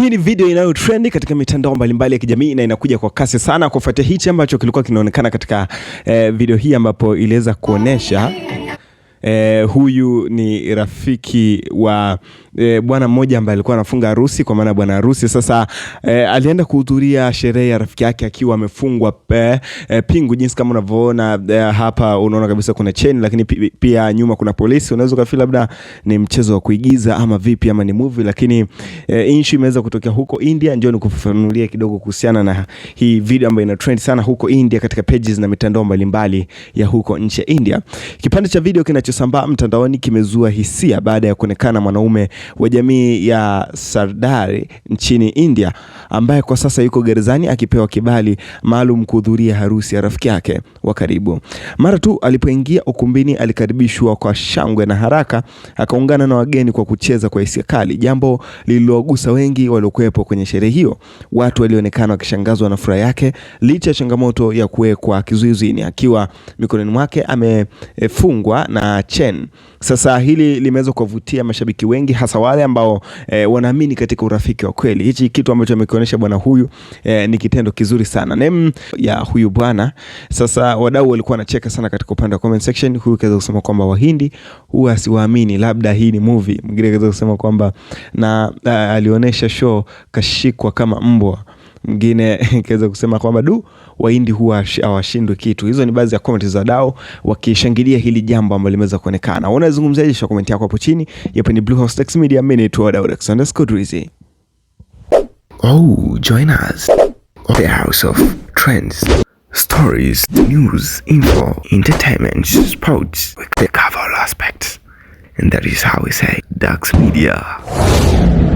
Hii ni video inayo trendi katika mitandao mbalimbali ya kijamii na inakuja kwa kasi sana kufuatia hichi ambacho kilikuwa kinaonekana katika eh, video hii ambapo iliweza kuonesha eh, huyu ni rafiki wa eh, bwana mmoja ambaye alikuwa anafunga harusi, kwa maana bwana harusi sasa eh, alienda kuhudhuria sherehe ya rafiki yake akiwa amefungwa eh, eh pingu, jinsi kama unavyoona eh, hapa unaona kabisa kuna cheni, lakini pia nyuma kuna polisi. Unaweza ukafikiri labda ni mchezo wa kuigiza ama vipi ama ni movie, lakini eh, issue imeweza kutokea huko India. Njoo nikufafanulie kidogo kuhusiana na hii video ambayo ina trend sana huko India katika pages na mitandao mbalimbali ya huko nchi ya India. Kipande cha video kinacho kilichosambaa mtandaoni kimezua hisia baada ya kuonekana mwanaume wa jamii ya Sardari nchini India ambaye kwa sasa yuko gerezani akipewa kibali maalum kuhudhuria harusi ya rafiki yake wa karibu. Mara tu alipoingia ukumbini, alikaribishwa kwa shangwe na haraka akaungana na wageni kwa kucheza kwa hisia kali, jambo lililowagusa wengi waliokuwepo kwenye sherehe hiyo. Watu walionekana wakishangazwa na furaha yake licha ya changamoto ya kuwekwa kizuizini, akiwa mikononi mwake amefungwa na Chen. Sasa hili limeweza kuwavutia mashabiki wengi, hasa wale ambao e, wanaamini katika urafiki wa kweli. Hichi kitu ambacho amekionyesha bwana huyu e, ni kitendo kizuri sana nem ya huyu bwana. Sasa wadau walikuwa wanacheka sana katika upande wa comment section. Huyu kaweza kusema kwamba Wahindi huwa siwaamini, labda hii ni movie. Mwingine kaweza kusema kwamba na uh, eh, alionyesha show kashikwa kama mbwa mwingine kaweza kusema kwamba du, Wahindi huwa hawashindwi kitu. Hizo ni baadhi ya komenti za dao wakishangilia hili jambo ambalo limeweza kuonekana. Unazungumziaje? Shusha komenti yako hapo chini. Yapo ni Blue House Tech Media, mimi ni underscore Drizzy. Oh, join us. The House of Trends, Stories, News, Info, Entertainment, Sports. We cover all aspects. And that is how we say Dax Media.